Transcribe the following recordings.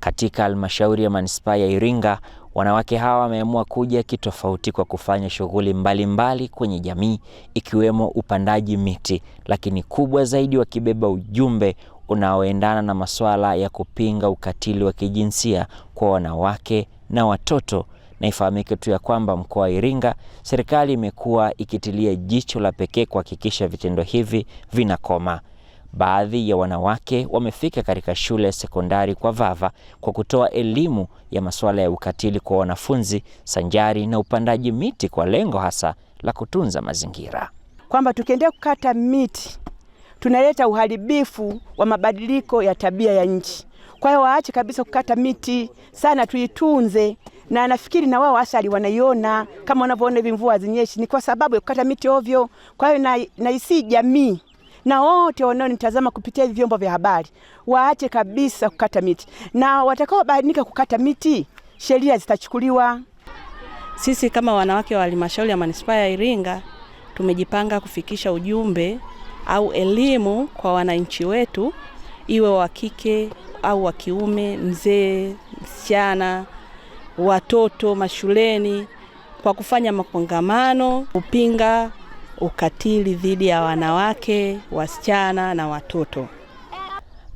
Katika halmashauri ya manispaa ya Iringa, wanawake hawa wameamua kuja kitofauti kwa kufanya shughuli mbalimbali kwenye jamii ikiwemo upandaji miti, lakini kubwa zaidi wakibeba ujumbe unaoendana na masuala ya kupinga ukatili wa kijinsia kwa wanawake na watoto na ifahamike tu ya kwamba mkoa wa Iringa, serikali imekuwa ikitilia jicho la pekee kuhakikisha vitendo hivi vinakoma. Baadhi ya wanawake wamefika katika shule sekondari kwa vava kwa kutoa elimu ya masuala ya ukatili kwa wanafunzi sanjari na upandaji miti kwa lengo hasa la kutunza mazingira, kwamba tukiendelea kukata miti tunaleta uharibifu wa mabadiliko ya tabia ya nchi. Kwa hiyo waache kabisa kukata miti sana, tuitunze na nafikiri na wao athari wanaiona kama wanavyoona hivi mvua zinyeshi, ni kwa sababu ya kukata miti ovyo. Kwa hiyo na, na jamii na wote wanaonitazama kupitia hivi vyombo vya habari waache kabisa kukata miti, na watakaobainika kukata miti sheria zitachukuliwa. Sisi kama wanawake wa halmashauri ya manispaa ya Iringa tumejipanga kufikisha ujumbe au elimu kwa wananchi wetu, iwe wa kike au wa kiume, mzee, msichana watoto mashuleni kwa kufanya makongamano kupinga ukatili dhidi ya wanawake, wasichana na watoto.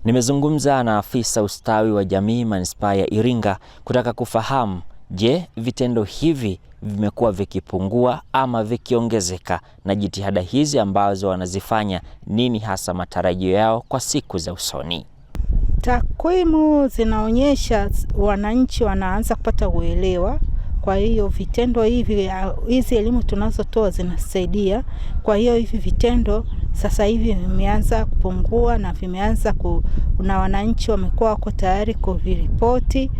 Nimezungumza na afisa ustawi wa jamii manispaa ya Iringa kutaka kufahamu, je, vitendo hivi vimekuwa vikipungua ama vikiongezeka, na jitihada hizi ambazo wanazifanya, nini hasa matarajio yao kwa siku za usoni? Takwimu zinaonyesha wananchi wanaanza kupata uelewa. Kwa hiyo vitendo hivi, hizi elimu tunazotoa zinasaidia. Kwa hiyo hivi vitendo sasa hivi vimeanza kupungua na vimeanza ku, na wananchi wamekuwa wako tayari kuviripoti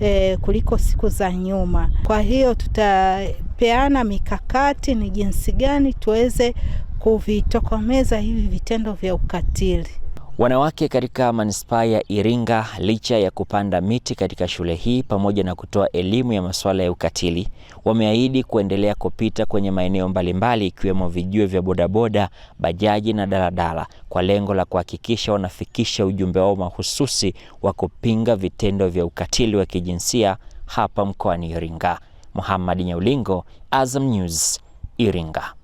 eh, kuliko siku za nyuma. Kwa hiyo tutapeana mikakati ni jinsi gani tuweze kuvitokomeza hivi vitendo vya ukatili. Wanawake katika manispaa ya Iringa licha ya kupanda miti katika shule hii pamoja na kutoa elimu ya masuala ya ukatili, wameahidi kuendelea kupita kwenye maeneo mbalimbali ikiwemo vijue vya bodaboda, bajaji na daladala kwa lengo la kuhakikisha wanafikisha ujumbe wao mahususi wa kupinga vitendo vya ukatili wa kijinsia hapa mkoani Iringa. Muhammad Nyaulingo, Azam News, Iringa.